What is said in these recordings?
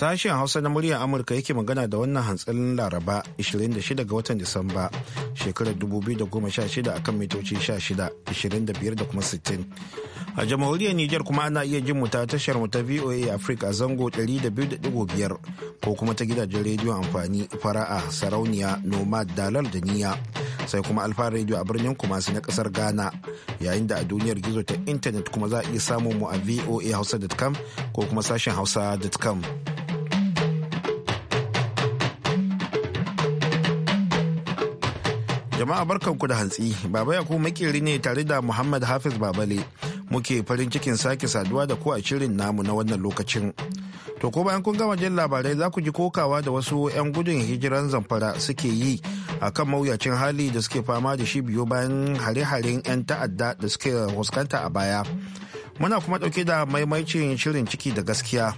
Sashen Hausa na muryar Amurka yake magana da wannan hantsalin Laraba 26 ga watan Disamba shekarar 2016 akan mitoci 16, 25 kuma A jamhuriyar Nijar kuma ana iya jin ta tashar mu ta VOA Africa a zango 200.5 ko kuma ta gidajen rediyon amfani fara'a sarauniya nomad dalar da niyya sai kuma alfa Radio a birnin su na kasar Ghana yayin da a duniyar gizo ta intanet kuma za a iya samun mu a VOA hausa.com ko kuma sashen hausa.com. Jama'a barkanku da hantsi, Baba Yakubu makeri ne tare da Muhammad Hafiz Babale. Muke farin cikin sake saduwa da ku a shirin namu na wannan lokacin. To ko bayan kun gama jin labarai za ku ji kokawa da wasu 'yan gudun hijiran zamfara suke yi a kan mawuyacin hali da suke fama da shi biyo bayan hare-haren 'yan ta'adda da suke fuskanta a baya. Muna kuma ɗauke da maimaicin shirin ciki da gaskiya.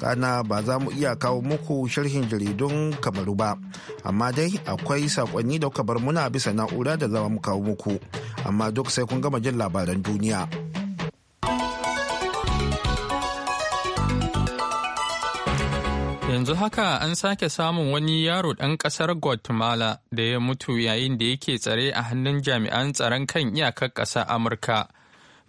kana ba za mu iya kawo muku sharhin jaridun kamaru ba amma dai akwai sakonni da kuka bar muna bisa na'ura da za mu kawo muku amma duk sai kun gama jin labaran duniya yanzu haka an sake samun wani yaro ɗan ƙasar guatemala da ya mutu yayin da yake tsare a hannun jami'an tsaron kan iyakar ƙasar amurka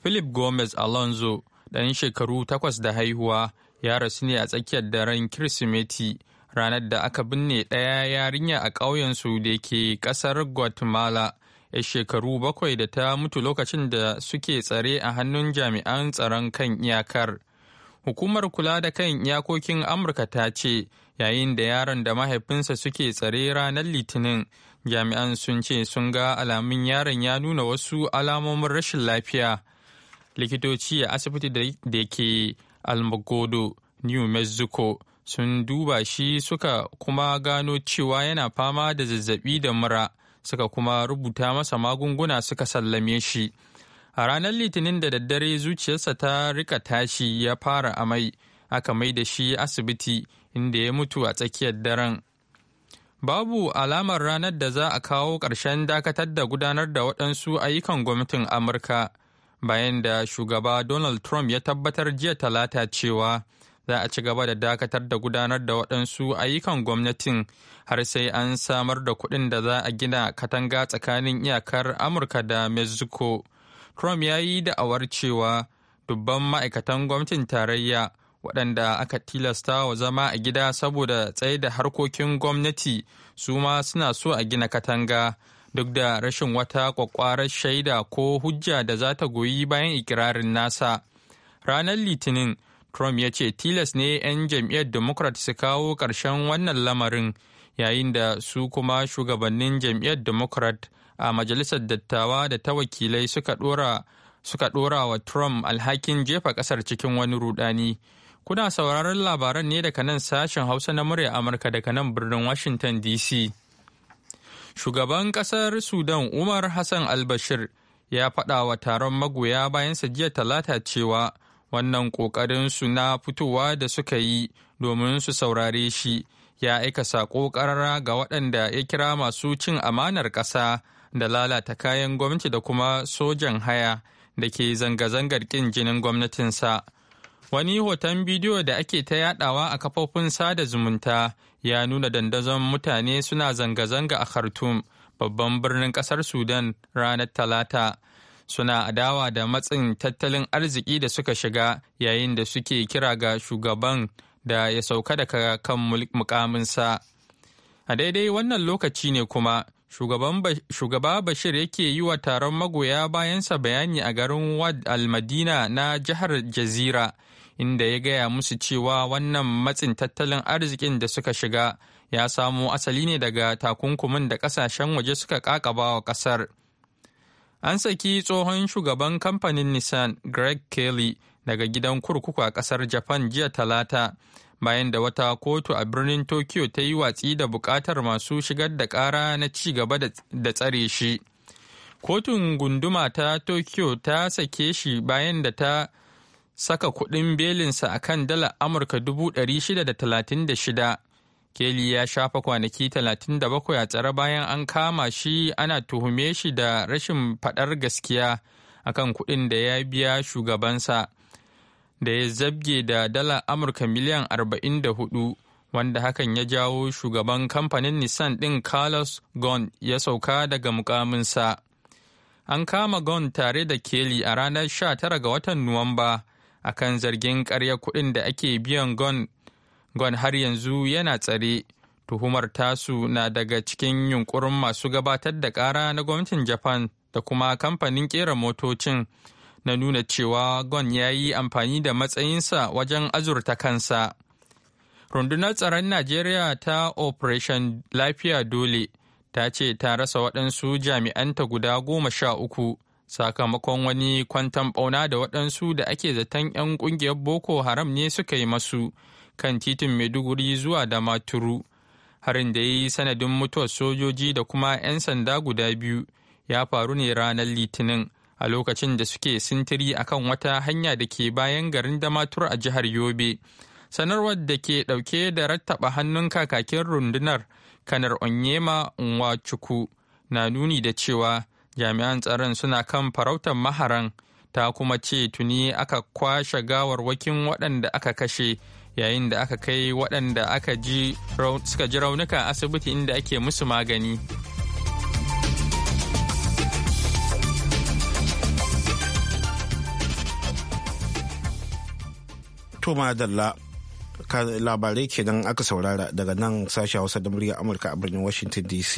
philip gomez alonso ɗan shekaru takwas da haihuwa ya rasu ne a tsakiyar daren kirsimeti ranar da aka binne ɗaya yarinya a ƙauyensu da ke ƙasar guatemala ya shekaru bakwai da ta mutu lokacin da suke tsare a hannun jami'an tsaron kan iyakar hukumar kula da kan iyakokin amurka ta ce yayin da yaron da mahaifinsa suke tsare ranar litinin jami'an sun ce sun ga alamun yaron ya nuna wasu alamomin rashin lafiya likitoci a asibiti da ke almagodo new mexico sun duba shi suka kuma gano cewa yana fama da zazzabi da mura suka kuma rubuta masa magunguna suka sallame shi a ranar litinin da daddare zuciyarsa ta rika tashi ya fara amai aka mai da shi asibiti inda ya mutu a tsakiyar daren babu alamar ranar da za a kawo ƙarshen dakatar da gudanar da waɗansu ayyukan gwamnatin amurka bayan da shugaba Donald Trump ya tabbatar jiya talata cewa za a ci gaba da dakatar da gudanar da waɗansu ayyukan gwamnatin har sai an samar da kuɗin da za a gina katanga tsakanin iyakar Amurka da Mexico. Trump ya yi da'awar cewa dubban ma'aikatan gwamnatin tarayya waɗanda aka tilasta wa zama a gida saboda tsaye da harkokin gwamnati su ma suna so a gina katanga. duk da rashin wata kwakwarar shaida ko hujja da za ta goyi bayan ikirarin nasa. Ranar Litinin, Trump ya ce tilas ne 'yan jam'iyyar Democrat su kawo ƙarshen wannan lamarin yayin da su kuma shugabannin jam'iyyar Democrat a Majalisar Dattawa da ta wakilai suka ɗora wa Trump alhakin jefa ƙasar cikin wani rudani. Kuna sauraron labaran ne daga nan sashen Hausa na murya Amurka daga nan birnin Washington DC. Shugaban ƙasar Sudan Umar Hassan al-Bashir ya faɗa wa taron magoya bayansa jiya talata cewa wannan ƙoƙarinsu na fitowa da suka yi domin su saurare shi ya aika saƙo ƙarara ga waɗanda ya kira masu cin amanar ƙasa da lalata kayan gwamnati da kuma sojan haya da ke zanga-zangar ƙin jinin gwamnatinsa. Wani hoton bidiyo da ake ta yadawa a kafofin sada zumunta ya nuna dandazon mutane suna zanga-zanga a Khartoum, babban birnin kasar Sudan ranar Talata. Suna adawa da matsin tattalin arziki da suka shiga yayin da suke kira ga shugaban da ya sauka daga kan mukaminsa. A daidai wannan lokaci ne kuma, shugaba Bashir yake yi wa taron magoya bayansa bayani a garin Wad al-Madina na jihar Jazira inda ya gaya musu cewa wannan matsin tattalin arzikin da suka shiga ya samo asali ne daga takunkumin da kasashen waje suka kakaba wa kasar. An saki tsohon shugaban kamfanin Nissan Greg Kelly daga gidan kurkuku a kasar Japan jiya talata bayan da wata kotu a birnin Tokyo ta yi watsi da bukatar masu shigar da kara na ci gaba da tsare shi. Kotun gunduma ta Tokyo ta sake shi bayan da ta saka kuɗin belinsa a kan dalar Amurka shida Keli ya shafa kwanaki 37 a tsare bayan an kama shi ana tuhume shi da rashin faɗar gaskiya akan kuɗin da ya biya shugabansa da ya zabge da dala Amurka miliyan 44. wanda hakan ya jawo shugaban kamfanin Nissan ɗin Carlos Ghosn ya sauka daga mukaminsa. An kama Ghosn tare da Kelly a ranar 19 ga watan Nuwamba a kan zargin karya kuɗin da ake biyan gon har yanzu yana tsare tuhumar tasu na daga cikin yunkurin masu gabatar da ƙara na gwamnatin japan da kuma kamfanin ƙera motocin na nuna cewa gon ya yi amfani da matsayinsa wajen azurta kansa rundunar tsaron najeriya ta operation lafiya dole ta ce ta rasa waɗansu jami'anta guda goma sha uku sakamakon wani kwantan bauna da waɗansu da ake zaton 'yan ƙungiyar boko haram ne suka yi masu kan titin maiduguri zuwa damaturu harin da ya yi sanadin mutuwar sojoji da kuma 'yan sanda guda biyu ya faru ne ranar litinin a lokacin da suke sintiri akan wata hanya da ke bayan garin damaturu a jihar yobe sanarwar da ke ɗauke da rattaba hannun kakakin rundunar kanar onyema nwachukwu na nuni da cewa jami'an tsaron suna kan farautar maharan ta kuma ce tuni aka kwashe gawarwakin waɗanda aka kashe yayin da aka kai waɗanda aka ji suka ji raunuka asibiti inda ake musu magani to labarai kenan aka saurara daga nan sashi hausa da murya amurka a birnin washington dc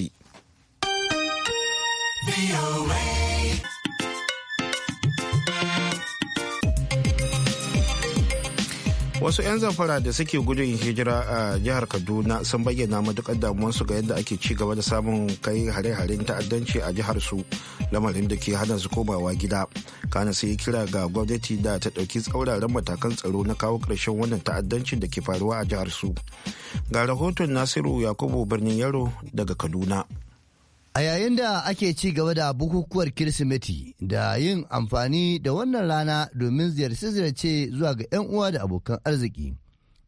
wasu 'yan zamfara da suke gudun hijira a jihar kaduna sun bayyana matukar damuwarsu ga yadda ake ci gaba da samun kai hare-haren ta'addanci a jihar su lamarin da ke hana su komawa gida kana sai kira ga gwamnati da ta ɗauki tsauraran matakan tsaro na kawo ƙarshen wannan ta'addancin da ke faruwa a jihar su ga rahoton nasiru yakubu birnin yaro daga kaduna A yayin da ake ci gaba da bukukuwar Kirsimeti da yin amfani da wannan rana domin ziyarce-ziyarce zuwa ga 'yan uwa da abokan arziki.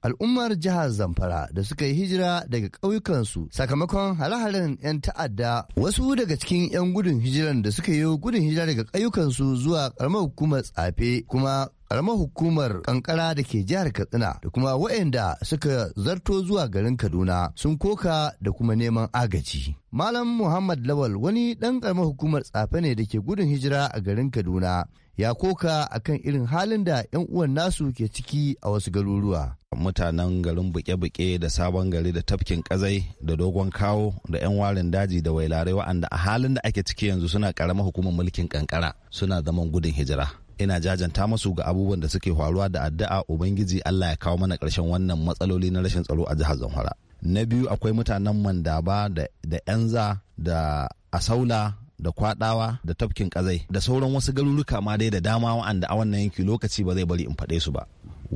Al'ummar jihar Zamfara da suka yi hijira daga ƙauyukansu sakamakon hare-haren 'yan ta'adda wasu daga cikin 'yan gudun hijiran da suka yi gudun hijira daga ƙauyukansu zuwa ƙaramar hukumar tsafe kuma karamar hukumar kankara da ke jihar katsina da kuma waɗanda suka zarto zuwa garin kaduna sun koka da kuma neman agaji Malam Muhammad Lawal wani ɗan ƙaramar hukumar tsafe ne da ke gudun hijira a garin Kaduna ya koka akan irin halin da 'yan uwan nasu ke ciki a wasu garuruwa. Mutanen garin buke-buke da sabon gari da tafkin kazai da dogon kawo da 'yan warin daji da wailarai wa'anda a halin da ake ciki yanzu suna ƙaramar hukumar mulkin kankara suna zaman gudun hijira. ina jajanta masu ga abubuwan da suke faruwa da addu'a ubangiji Allah ya kawo mana ƙarshen wannan matsaloli na rashin tsaro a jihar Zamfara. na biyu akwai mutanen mandaba da yanza da asaula da kwadawa da tafkin kazai da sauran wasu garuruka ma dai da dama wa'anda a wannan yanki lokaci ba zai bari in faɗe su ba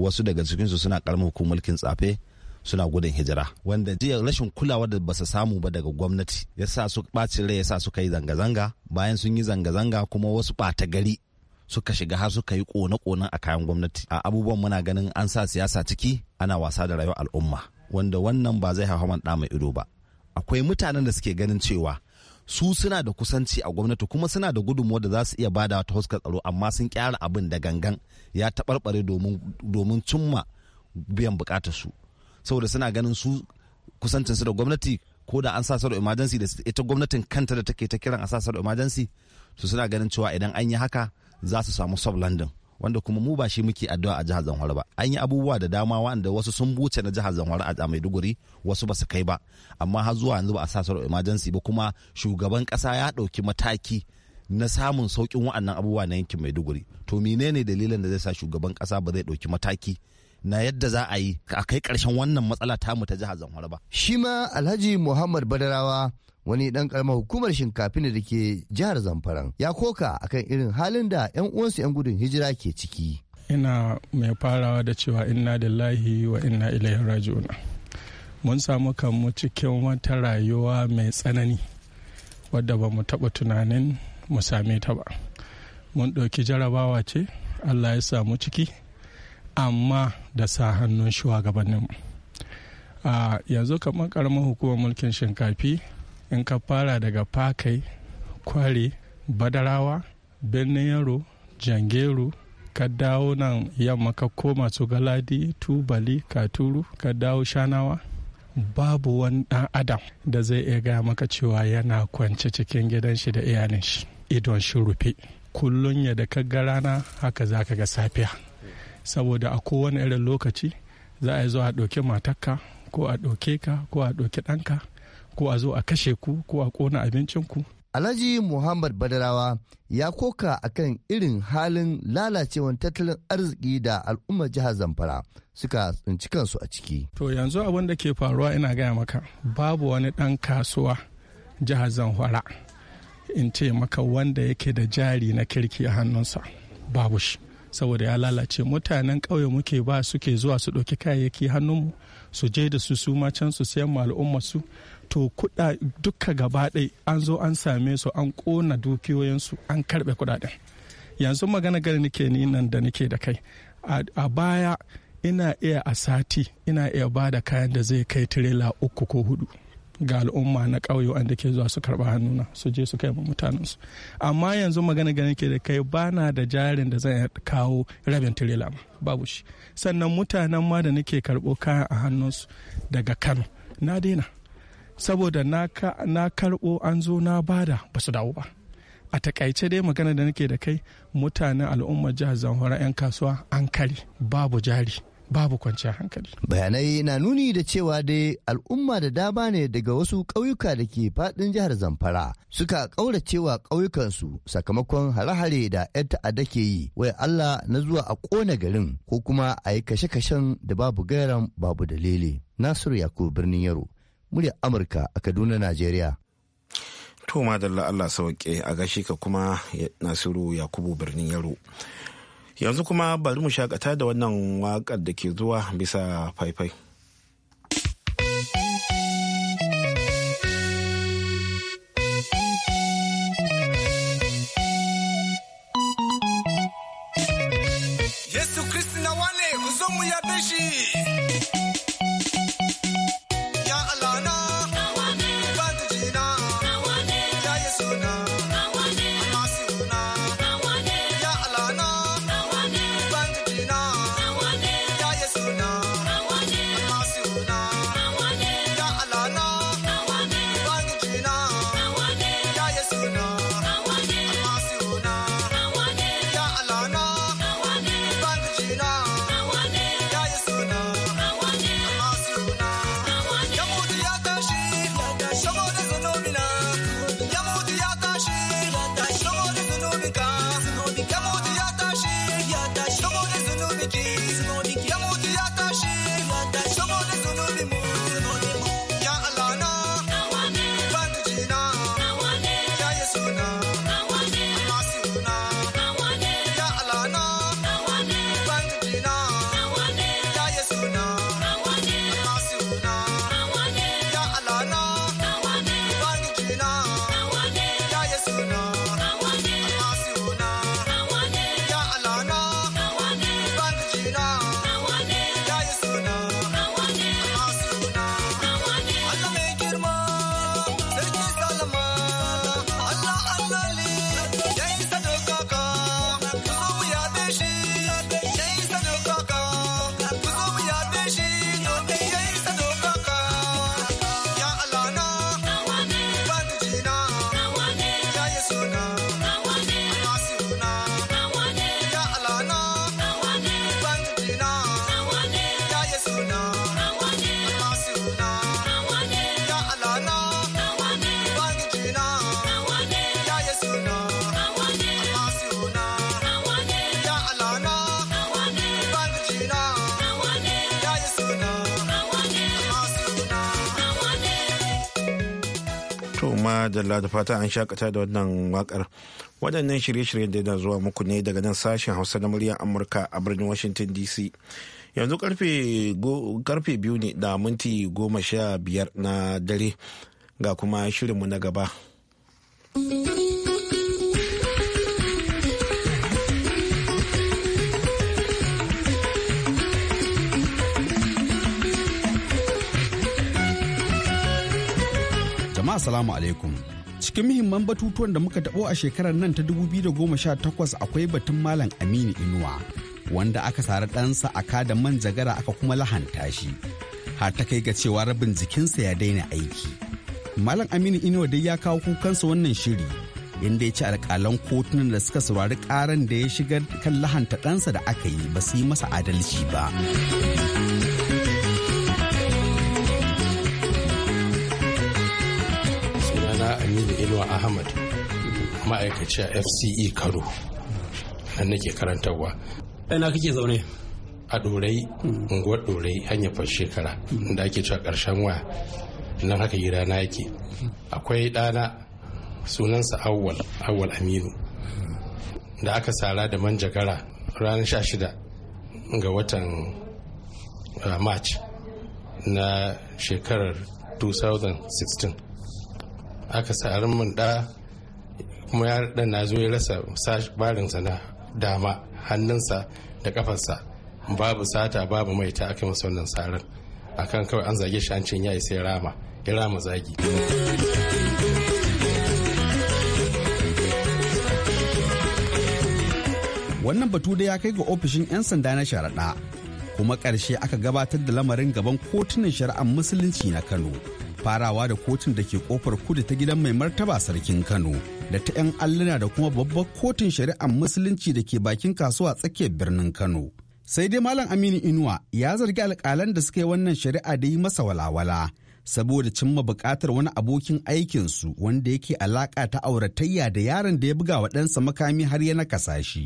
wasu daga cikinsu suna karamin hukumar mulkin tsafe suna gudun hijira wanda jiya rashin kulawa da basu samu ba daga gwamnati ya sa su ɓacin rai ya sa suka yi zanga-zanga bayan sun yi zanga-zanga kuma wasu ɓata gari suka shiga har suka yi kone-konen a kayan gwamnati a abubuwan muna ganin an sa siyasa ciki ana wasa da rayuwar al'umma wanda wannan ba zai hau man mai ido ba akwai mutanen da suke ganin cewa su suna da kusanci a gwamnati kuma suna da gudunmuwa da za su iya bada ta huskar tsaro amma sun kyara abin da gangan ya taɓarɓare domin cimma biyan bukatar su saboda suna ganin su kusancin su da gwamnati ko da an sa da da ita gwamnatin kanta da take ta kiran a sa da su suna ganin cewa idan an yi haka za su samu sub london wanda kuma mu ba shi muke addu'a a jihar Zamfara ba an yi abubuwa da dama wanda wasu sun buce na jihar Zamfara a Maiduguri wasu ba su kai ba amma har zuwa yanzu ba a sa saro emergency ba kuma shugaban kasa ya ɗauki mataki na samun sauƙin wa'annan abubuwa na yankin Maiduguri to menene dalilin da zai sa shugaban kasa ba zai ɗauki mataki na yadda za a yi a kai ƙarshen wannan matsala tamu ta jihar Zamfara ba shi ma Alhaji Muhammad Badarawa wani dan karamar hukumar shinkafi ne da ke jihar zamfaran ya koka akan irin halin da 'yan uwansu 'yan gudun hijira ke ciki ina mai farawa da cewa inna lillahi wa inna ilaihi raji'un mun samu kanmu cikin wata rayuwa mai tsanani wadda ba mu taɓa tunanin mu same ta ba mun ɗauki jarabawa ce allah ya samu ciki amma da sa hannun shugabanninmu yanzu kamar karamar hukumar mulkin shinkafi in ka fara daga fakai kware badarawa birnin yaro jangeru ka dawo nan yamma ka koma su galadi tubali katuru ka dawo shanawa babu wani dan adam da zai iya gaya maka cewa yana kwance cikin gidan shi da iyalin shi idon shi rufe kullun ya da ka ga rana haka za ka ga safiya saboda a kowane irin lokaci za a yi zuwa a ɗauki matarka ko a ɗauke ka ko a ɗauki ɗanka ko a zo a kashe ku ko a kona abincinku Alhaji Muhammad Badarawa ya koka akan irin halin lalacewan tattalin arziki da al'ummar jihar Zamfara suka tsinci kansu a ciki. To yanzu abin da ke faruwa ina gaya maka babu wani ɗan kasuwa jihar Zamfara in ce maka wanda yake da jari na kirki a hannunsa babu shi saboda ya lalace mutanen ƙauye muke ba suke zuwa su ɗauki kayayyaki hannunmu su je da su su ma can su sayan ma al'ummar su to kuɗa duka gaba ɗai an zo an same su an ƙona dukiyoyinsu an karɓe kuɗaɗen yanzu magana gari nake ni nan da nake da kai a baya ina iya a sati ina iya ba da kayan da zai kai tirela uku ko hudu ga al'umma na ƙauye wanda ke zuwa su karɓa hannuna su je su kai ma mutanensu amma yanzu magana gani ke da kai ba na da jarin da zan kawo rabin tirela ma babu shi sannan mutanen ma da nake karɓo kayan a hannunsu daga kano na daina saboda na karbo an zo na bada ba su dawo ba a takaice dai magana da nake da kai mutanen al'ummar jihar zamfara 'yan kasuwa an kari babu jari babu kwanciyar hankali. Bayanai na nuni da cewa dai al'umma da dama ne daga wasu ƙauyuka da ke faɗin jihar Zamfara suka ƙaura cewa ƙauyukansu sakamakon hare-hare da 'yan ta'adda ke yi wai Allah na zuwa a ƙona garin ko kuma a yi kashe-kashen da babu gairan babu dalili. Nasiru Yakubu birnin Yaro, murya Amurka a Kaduna, Najeriya. To madalla Allah sauke a gashi ka kuma Nasiru Yakubu birnin Yaro. Yanzu kuma bari mu shakata da wannan wakar da ke zuwa bisa faifai. Yesu Kristi na wane ku zo mu yabe shi. kuma dalla da fata an shakata da wannan wakar waɗannan shirye-shiryen da zuwa muku ne daga nan sashen hausa na muryar amurka a birnin washington dc yanzu karfe biyu ne da minti goma sha biyar na dare ga kuma shirinmu na gaba. Assalamu alaikum. Cikin muhimman batutuwan da muka taɓo a shekarar nan ta 2018 akwai batun Malam Aminu Inuwa wanda aka sari ɗansa a kada manjagara aka kuma lahanta shi. Har ta kai ga cewa rabin jikinsa ya daina aiki. Malam Aminu Inuwa dai ya kawo kukansa wannan shiri inda ya ci alƙalan kotunan da suka saurari ƙaran da ya shigar kan lahanta ɗansa da aka yi ba su yi masa adalci ba. aminu inuwa ahmad ma'aikaci a fce kano nan nake karantarwa ina kake zaune a dorai unguwar dorai hanyar fa shekara da ake cewa karshen waya nan haka yi rana yake akwai ɗana sunansa awwal awwal aminu da aka sara da manjagara ranar shida ga watan ah, march na shekarar 2016 aka sarin mun da kuma ya dan na zo ya rasa barinsa na dama hannunsa da kafarsa babu sata babu mai ta aka masa wannan sarin akan kawai an zage shi an cin yayi sai rama ya rama zagi wannan batu da ya kai ga ofishin 'yan sanda na sharaɗa kuma ƙarshe aka gabatar da lamarin gaban kotunan shari'ar musulunci na kano farawa da kotun da ke kofar kudu ta gidan mai martaba sarkin kano da ta 'yan alluna da kuma babbar kotun shari'ar musulunci da ke bakin kasuwa tsakiyar birnin kano sai dai malam aminu inuwa ya zargi alkalan da suka yi wannan shari'a da yi masa walawala saboda cimma bukatar wani abokin aikinsu wanda yake alaƙa ta auratayya da yaron da ya buga wa ɗansa makami har ya nakasa shi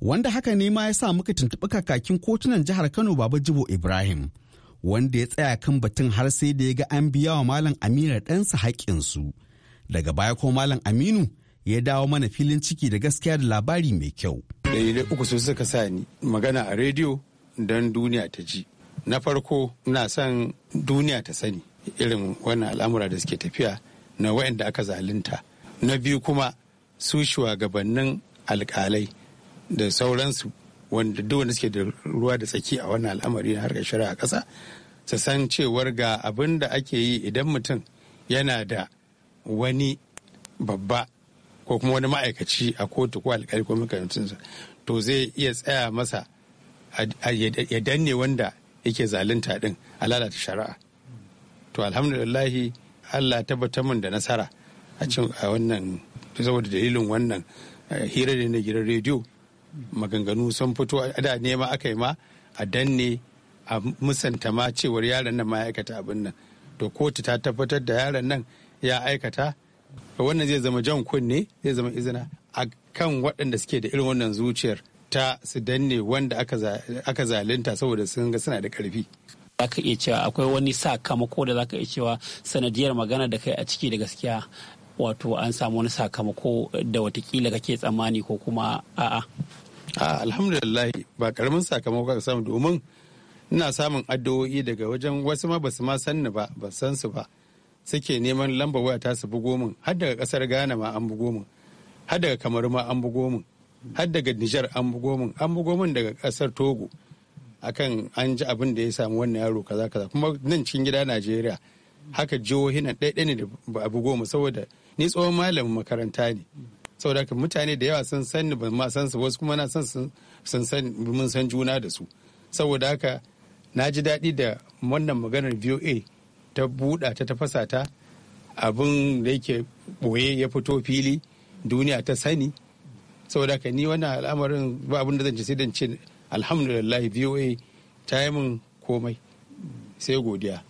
wanda haka ne ma ya sa muka tuntuɓi kakakin kotunan jihar kano baba jibo ibrahim wanda ya tsaya kan batun har sai da ya ga an biya wa malam aminu ɗansa haƙƙinsu daga baya ko malam aminu ya dawo mana filin ciki da gaskiya da labari mai kyau dalilai uku sun suka sa ni magana a rediyo don duniya ta ji na farko ina son duniya ta sani irin wannan al'amura da suke tafiya na wayanda aka zalunta na biyu kuma su shugabannin alkalai da sauransu wanda duk wanda suke da ruwa da tsaki a wannan al'amari na harkar shari'a ƙasa su san cewar ga abin da ake yi idan mutum yana da wani babba ko kuma wani ma'aikaci a kotu ko alƙali ko makarantunsa to zai iya tsaya masa ya danne wanda yake zalunta din a lalata shari'a to alhamdulillahi allah tabbatar min da nasara a cin a wannan saboda dalilin wannan eh, hira ne na gidan rediyo maganganu sun fito da nema aka yi ma a danne a musanta ma cewar yaron nan ma ya aikata abin nan to kotu ta tabbatar da yaron nan ya aikata wannan zai zama jan kunne zai zama izina a kan waɗanda suke da irin wannan zuciyar ta su danne wanda aka zalunta saboda sun ga suna da ƙarfi za ka iya cewa akwai wani sakamako da za ka iya cewa sanadiyar magana da kai a ciki da gaskiya wato an samu wani sakamako da watakila kake tsammani ko kuma a'a alhamdulillah ba karamin sakamako ka samu domin ina samun addu'o'i daga wajen wasu ma basu ma sanni ba ba san su ba suke neman lamba waya ta su bugo min har daga kasar Ghana ma an bugo min har daga Kamaru ma an bugo min har daga Nijar an bugo min an bugo min daga kasar Togo akan an ji abin da ya samu wannan yaro kaza kaza kuma nan cikin gida Najeriya haka jihohi nan ɗaya ne da ba a bugo mu saboda ni tsohon malamin makaranta ne saboda mutane da yawa sun san ba ma san su wasu kuma na san sun san mun san juna da su saboda haka na ji daɗi da wannan maganar VOA ta buɗa ta tafasa ta abin da yake ɓoye ya fito fili duniya ta sani saboda haka ni wannan al'amarin ba abin da zan ci sai dan ce alhamdulillah VOA ta yi min komai sai godiya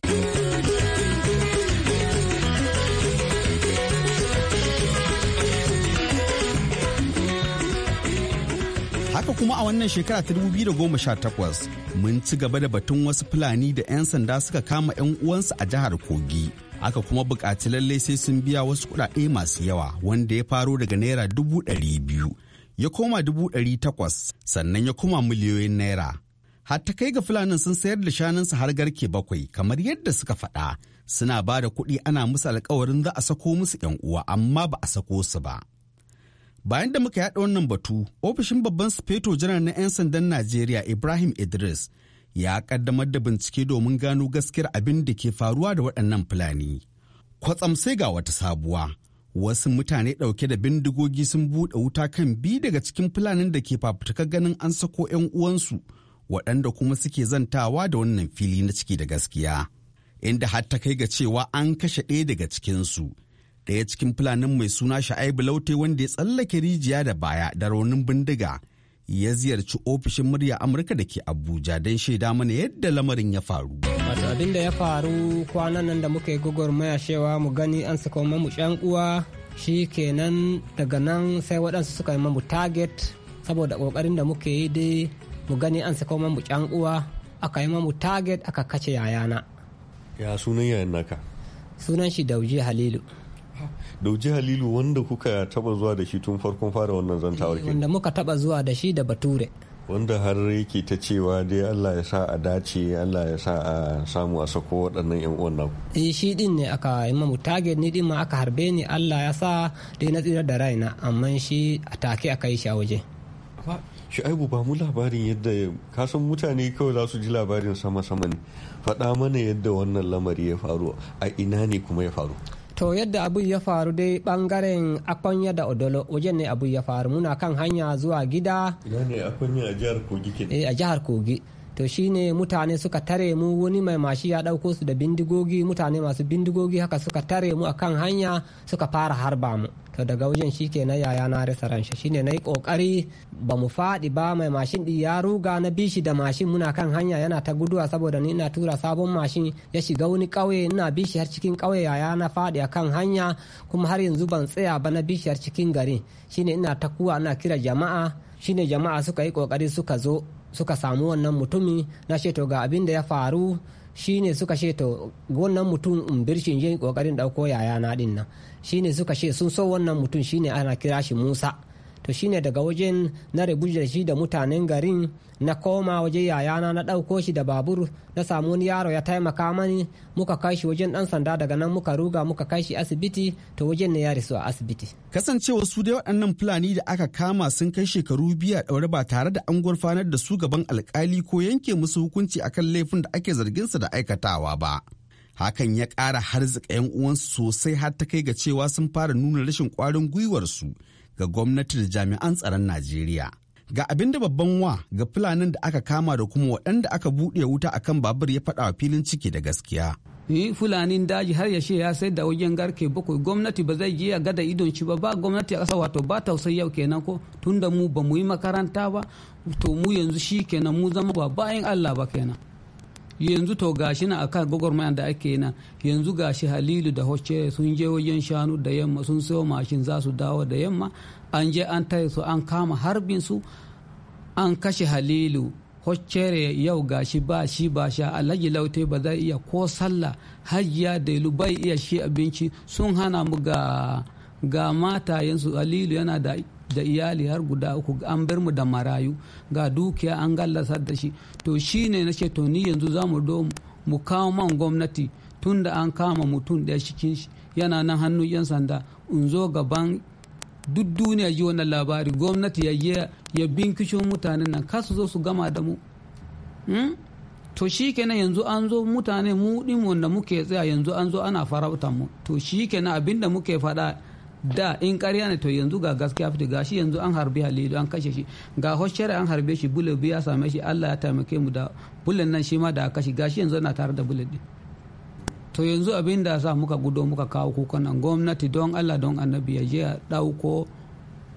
Haka kuma a wannan shekara ta 2018 mun ci gaba da batun wasu Fulani da 'yan sanda suka kama 'yan uwansu a jihar Kogi. Aka kuma buƙaci lallai sai sun biya wasu kuɗaɗe masu yawa wanda ya faro daga naira dubu ɗari biyu ya koma dubu ɗari takwas sannan ya koma miliyoyin naira. Hatta kai ga Fulanin sun sayar da shanunsu har garke bakwai kamar yadda suka faɗa suna ba da kuɗi ana musu alkawarin za a sako musu 'yan uwa amma ba a sako su ba. bayan da muka yaɗa wannan batu ofishin babban sufeto janar na 'yan sandan najeriya ibrahim idris ya kaddamar da bincike domin gano gaskiyar abin da ke faruwa da waɗannan fulani kwatsam sai ga wata sabuwa wasu mutane ɗauke da bindigogi sun buɗe wuta kan biyu daga cikin fulanin da ke fafutuka ganin an sako 'yan uwansu waɗanda kuma suke zantawa da wannan fili na ciki da gaskiya inda har ta kai ga cewa an kashe ɗaya daga cikinsu daya cikin fulanin mai suna sha'aibu laute wanda ya tsallake rijiya da baya da raunin bindiga ya ziyarci ofishin murya amurka da ke abuja don shaida mana yadda lamarin ya faru wato abin da ya faru kwanan nan da muka yi maya cewa mu gani an saka mamu uwa shi kenan daga nan sai waɗansu suka yi mamu target saboda ƙoƙarin da muke yi dai mu gani an saka mamu shan uwa aka yi mamu target aka kace yayana ya sunan yayan naka sunan shi dauji halilu dauji halilu wanda kuka taba zuwa da shi tun farkon fara wannan zantawar eh, ke wanda muka taba zuwa da shi da bature wanda har yake ta cewa dai allah ya sa a dace allah ya sa a samu a sako waɗannan yan uwan naku eh shi din ne aka yi mamu target ni din ma aka harbe ni allah ya sa dai na tsira da raina amma shi a take aka yi shi a waje shu'aibu ba mu labarin yadda ka san mutane kawai za su ji labarin sama-sama ne faɗa mana yadda wannan lamari ya faru a ina ne kuma ya faru to yadda abu ya faru dai bangaren akwanya da odolo wajen ne abu ya faru muna kan hanya zuwa gida ina ne akwanya a jihar kogi ke eh, a jihar kogi to shine mutane suka tare mu wani mai mashi ya ɗauko su da bindigogi mutane masu bindigogi haka suka tare mu akan hanya suka fara harba mu to daga wajen shi ke na yaya na rasa shi shine na yi kokari ba mu faɗi ba mai mashin ɗi ya ruga na bishi da mashin muna kan hanya yana ta guduwa saboda ni ina tura sabon mashin ya shiga wani kauye ina bishi har cikin kauye yaya na faɗi a kan hanya kuma har yanzu ban tsaya ba na bishi har cikin garin shine ina ta kuwa ina kira jama'a shine jama'a suka yi kokari suka zo suka samu wannan mutumi na sheto ga abin da ya faru shine suka ce wannan mutum umbirshin yin kokarin dauko yaya na din nan shine suka ce sun so wannan mutum shine ana kira shi Musa to shine daga wajen na rabu da shi da mutanen garin na koma waje yayana na ɗauko shi da babur na samu wani yaro ya taimaka mani muka kai shi wajen ɗan sanda daga nan muka ruga muka kai shi asibiti to wajen ne ya rasu a asibiti. kasancewa su dai waɗannan fulani da aka kama sun kai shekaru biya daure ba tare da an gurfanar da su gaban alkali ko yanke musu hukunci akan laifin da ake zargin su da aikatawa ba. hakan ya ƙara harzika 'yan uwansu sosai har ta kai ga cewa sun fara nuna rashin ƙwarin gwiwarsu ga gwamnati da jami'an tsaron Najeriya. Ga abin da babban wa ga fulanin da aka kama da kuma waɗanda aka buɗe wuta a kan babur ya faɗa wa filin ciki da gaskiya. Ni fulanin daji har ya she ya sai da wajen garke bakwai gwamnati ba zai je a gada idon shi ba ba gwamnati a ƙasa wato ba tausayi yau kenan ko tunda mu ba mu yi makaranta ba to mu yanzu shi kenan mu zama ba bayan Allah ba kenan. yanzu to gashi na akan gwagwarmayan da ake na yanzu gashi halilu da hoce sun je wajen shanu da yamma sun sayo mashin za su dawo da yamma an je an taya su an kama harbin su an kashe halilu hoccere yau gashi ba shi ba sha alhaji laute ba zai iya ko sallah hajiya da bai iya shi abinci sun hana mu ga mata yanzu halilu yana da da iyali har guda uku an bar mu da marayu ga dukiya an gallasa da shi to shine na ce to ni yanzu za mu do mu kawo man gwamnati tun da an kama mutum ɗaya cikin shi yana nan hannun yan sanda in zo gaban duk duniya ji wannan labari gwamnati ya ya binkishin mutanen nan kasu zo su gama da mu hmm? to shi kenan yanzu an zo mutane mu din wanda muke tsaya yanzu an zo ana farautan mu to shi kenan abinda muke faɗa da in karya ne to yanzu ga gaskiya fita gashi yanzu an harbi halilu an kashe shi ga hoshiyar an harbe shi bullet biya same shi allah ya taimake mu da bullet nan shi ma da kashe gashi yanzu yana tare da bullet din to yanzu abin da sa muka gudo muka kawo kukan nan gwamnati don allah don annabi ya je ya dauko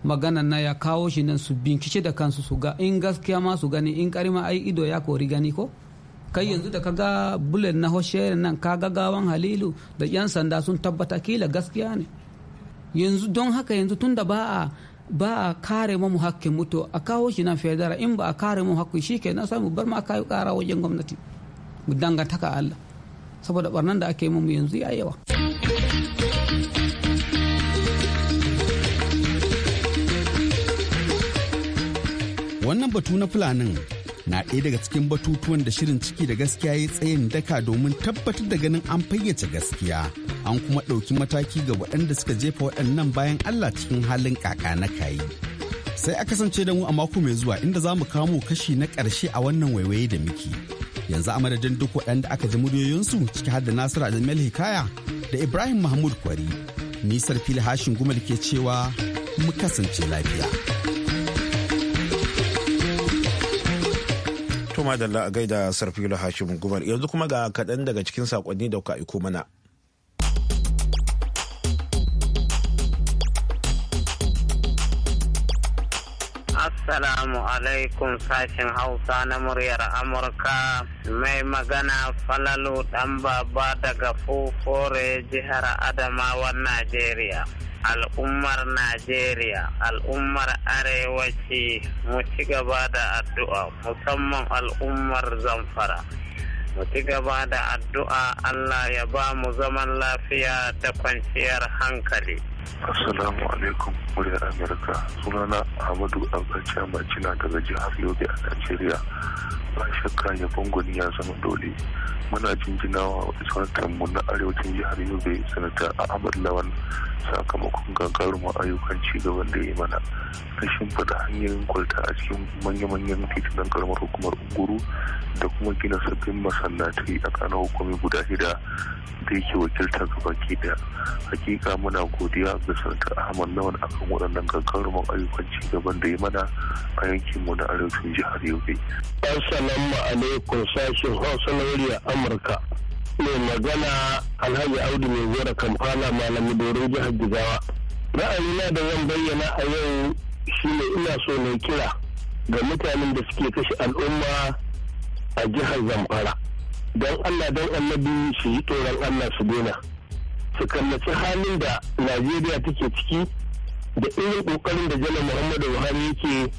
magana na ya kawo shi nan su bincike da kansu su ga in gaskiya ma su gani in karima ai ido ya kori gani ko kai yanzu da kaga bullet na hoshe nan kaga gawan halilu da yan sanda sun tabbata kila gaskiya ne yanzu don haka yanzu tunda ba a ba a kare mu hakkin mutu a kawo shi nan federa in ba a kare mu hakkin shi ke nan samu bar ma kayi kara wajen gwamnati mu dangantaka Allah saboda barnan da ake mamu yanzu ya yawa. wannan batu na fulanin na ɗaya daga cikin batutuwan da shirin ciki da gaskiya ya tsayin daka domin tabbatar da ganin an fayyace gaskiya an kuma ɗauki mataki ga waɗanda suka jefa waɗannan bayan Allah cikin halin kaka na kayi. Sai a kasance da mu a mako mai zuwa inda za mu kamo kashi na ƙarshe a wannan waiwaye da miki. Yanzu a madadin duk waɗanda aka ji muryoyinsu ciki har da Nasiru Jamil Hikaya da Ibrahim Mahmud Kwari. Nisar fili hashin gumal ke cewa mu kasance lafiya. kuma da la'agaida gaida hashim gumal yanzu kuma ga kaɗan daga cikin sakonni da kuka aiko mana Assalamu alaikum sashen Hausa na muryar Amurka mai magana falalu ɗan baba daga fufore jihar Adamawan Najeriya. al'ummar Najeriya, al'ummar Arewaci mu ci gaba da addu'a musamman al'ummar Zamfara. Mu ci gaba da addu'a Allah ya ba mu zaman lafiya da kwanciyar hankali. Assalamu alaikum muryar Amurka. Sunana Ahmadu Abacha Macina daga jihar Yobe a Najeriya. Ba shakka ya bangoni ya zama dole. Muna jinjinawa sanatar mu na arewacin jihar Yobe sanata Ahmad Lawan sakamakon gagarumin ayyukan ci gaban da ya mana. Rashin fada hanyoyin kwalta a cikin manya-manyan titunan karamar hukumar Unguru da kuma gina sabbin masallatai a kanan hukumi guda shida da yake wakiltar gabaki da Hakika muna godiya bisa ga ahmad lawan akan waɗannan gaggarumin ayyukan ci gaban da ya mana a yankin mu na arewacin jihar yobe. assalamu alaikum sashen hausa na amurka mai magana alhaji audu mai gora kamfana malami dorin jihar jigawa ra'ayina da zan bayyana a yau shine ina so na kira ga mutanen da suke kashe al'umma a jihar zamfara don allah don annabi su yi tsoron allah su daina su kallaci halin da najeriya take ciki da irin kokarin da janar muhammadu buhari yake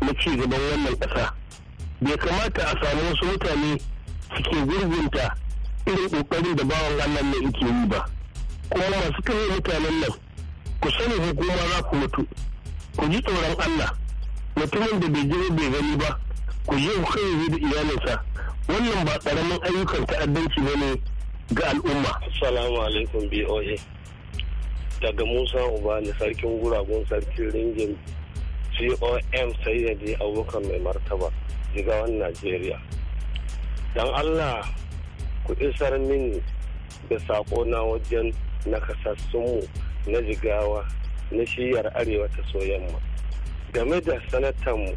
na ci gaban wannan ƙasa bai kamata a samu wasu mutane suke gurgunta irin kokarin da bawan allah ne yake yi ba kuma masu kare mutanen nan ku sani hukuma za ku mutu ku ji tsoron allah mutumin da bai je bai gani ba ku je ku kai da iyalinsa wannan ba ƙaramin ayyukan ta'addanci ba ne ga al'umma. Assalamu alaikum BOA. Daga Musa Ubani sarkin guragun sarkin ringin COM Sayyadi abokan mai martaba jigawan Najeriya. Dan Allah ku isar mini da sako na wajen nakasassunmu na jigawa na shiyar arewa ta soyamma. Game da sanatanmu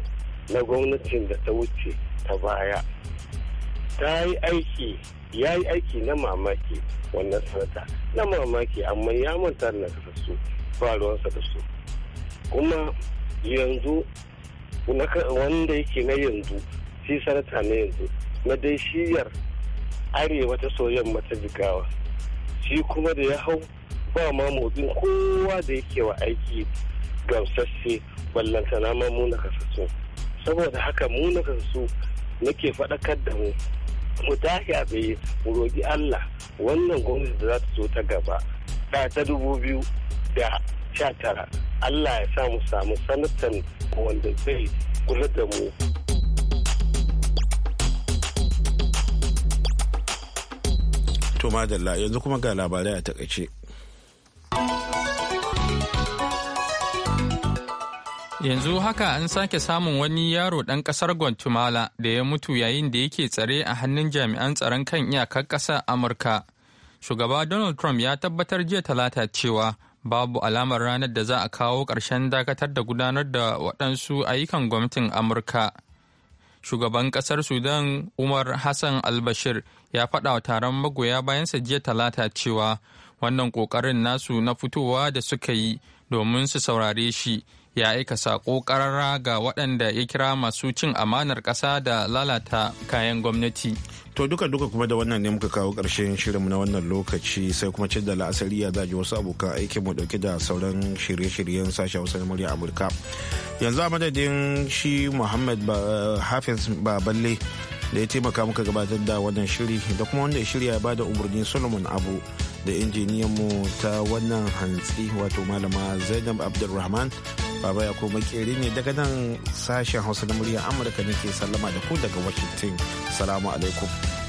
na gwamnatin da ta wuce ta baya. Ta yi aiki ya yi aiki na mamaki wannan sanata na mamaki amma ya manta na su faruwarsa da su kuma yanzu wanda yake na yanzu shi sanata na yanzu na dai shiyar arewa ta soyayyar mata jigawa shi kuma da ya hau ba ma motsin kowa da yake wa aiki gamsasse ballantana ma mu na kasassu saboda haka mu na kasassu nake faɗakar da mu mu tashi a mu roƙi Allah wannan gwamnati da za ta zo ta gaba da ta dubu biyu da sha tara Allah ya sa mu samu sanatan wanda zai kula da mu. To madalla yanzu kuma ga labarai a takaice. Yanzu haka an sake samun wani yaro ɗan ƙasar Guatemala da ya mutu yayin da yake tsare a hannun jami'an tsaron kan iyakar ƙasar Amurka. Shugaba Donald Trump ya tabbatar jiya talata cewa babu alamar ranar da za a kawo ƙarshen dakatar da gudanar da waɗansu ayyukan gwamnatin Amurka. Shugaban ƙasar Sudan Umar Hassan albashir ya faɗa wa taron magoya bayansa jiya talata cewa wannan ƙoƙarin nasu na fitowa da suka yi domin su saurare shi ya aika saƙo ƙarara ga waɗanda ya kira masu cin amanar ƙasa da lalata kayan gwamnati. To duka duka kuma da wannan ne muka kawo ƙarshen shirinmu na wannan lokaci sai kuma cin da la'asari ya zaji wasu abokan aikin mu dauke da sauran shirye-shiryen sashen Hausa na murya Amurka. Yanzu a madadin shi Muhammad Hafiz Baballe da ya taimaka muka gabatar da wannan shiri da kuma wanda ya shirya ba da umarni Solomon Abu da injiniyan mu ta wannan hantsi wato malama Zainab Abdulrahman Baba ya koma keri ne daga nan sashen Hausa na murya Amurka nake sallama da ku daga Washington. Salamu alaikum.